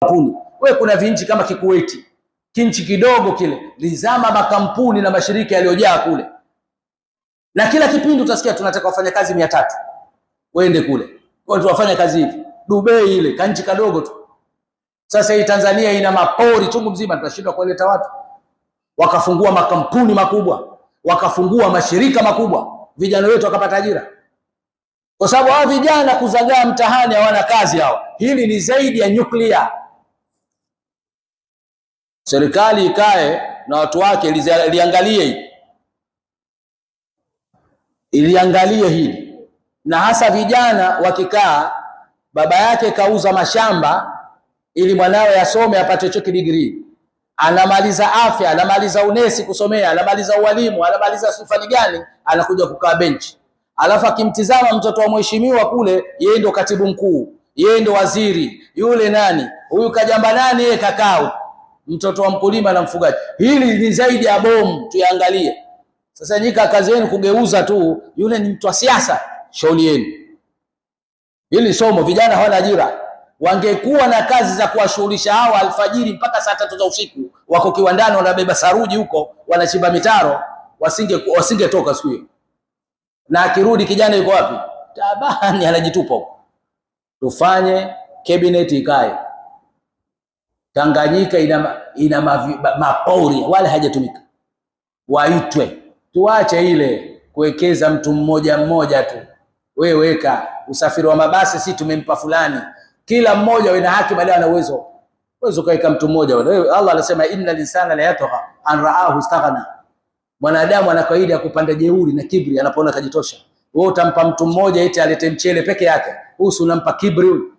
Kampuni. We kuna vinchi kama Kikuweti, kinchi kidogo kile, lizama makampuni na mashirika yaliyojaa kule, na kila kipindi utasikia tunataka wafanyakazi mia tatu waende kule, tuwafanya kazi hivi. Dubai ile kanchi kadogo tu. Sasa hii Tanzania ina mapori chungu mzima, tunashindwa kuwaleta watu. Wakafungua makampuni makubwa, wakafungua mashirika makubwa, vijana wetu wakapata ajira kwa sababu hao vijana kuzagaa mtahani, hawana kazi hao. Hili ni zaidi ya nyuklia serikali ikae na watu wake liangalie hili iliangalie hili, na hasa vijana wakikaa, baba yake kauza mashamba ili mwanawe asome apate choki degree, anamaliza afya, anamaliza unesi kusomea, anamaliza ualimu, anamaliza sifani gani, anakuja kukaa benchi, alafu akimtizama mtoto wa mheshimiwa kule, yeye ndo katibu mkuu, yeye ndo waziri, yule nani, huyu kajamba nani, yeye kakao mtoto wa mkulima na mfugaji. Hili ni zaidi ya bomu, tuyaangalie. Sasa nyika, kazi yenu kugeuza tu, yule ni mtu wa siasa, shauri yenu. Hili somo, vijana hawana ajira. Wangekuwa na kazi za kuwashughulisha hawa, alfajiri mpaka saa tatu za usiku wako kiwandani, wanabeba saruji huko, wanachimba mitaro, wasinge wasingetoka siku hiyo. Na akirudi kijana yuko wapi? Tabani, anajitupa huko. Tufanye kabineti ikae Tanganyika ina, ina mapori wala hajatumika, waitwe. Tuache ile kuwekeza mtu mmoja mmoja tu, we weka usafiri wa mabasi, si tumempa fulani, kila mmoja ana haki bali ana uwezo uwezo, kaweka mtu mmoja. wewe. Allah anasema inna linsana la yatgha an raahu istaghna, mwanadamu ana kaida ya kupanda jeuri na kibri anapoona kajitosha. Wewe utampa mtu mmoja eti alete mchele peke yake, husu unampa kibri huyu.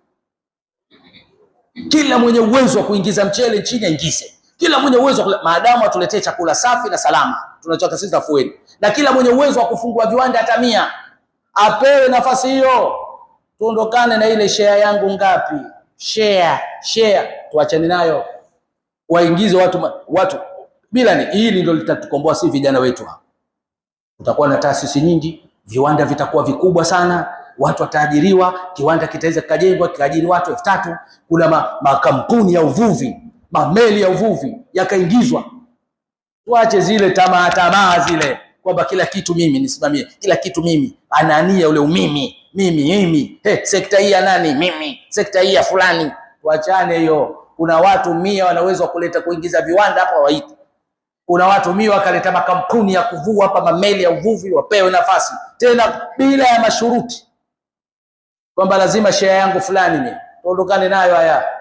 Kila mwenye uwezo wa kuingiza mchele nchini aingize, kila mwenye uwezo maadamu atuletee chakula safi na salama, tunachoka sisi tafueni, na kila mwenye uwezo wa kufungua viwanda hata mia apewe nafasi hiyo. Tuondokane na ile share yangu ngapi, share share, tuachane nayo, waingize watu watu bila ni hili ndio litatukomboa si vijana wetu. Hapa tutakuwa na taasisi nyingi, viwanda vitakuwa vikubwa sana watu wataajiriwa, kiwanda kitaweza kikajengwa kikaajiri watu elfu tatu. Kuna ma, ya uvuvi, mameli ya uvuvi yakaingizwa. Tuache zile tamaa tamaa zile kwamba kila kitu mimi nisimamie, kila kitu mimi, anania ule umimi, mimi mimi, hey, sekta hii ya nani mimi, sekta hii ya fulani, tuachane hiyo. Kuna watu mia wanaweza kuleta kuingiza viwanda hapa waite kuna watu mia wakaleta makampuni ya kuvua hapa, mameli ya uvuvi wapewe nafasi tena bila ya mashuruti kwamba lazima share yangu fulani ni tuondokane nayo haya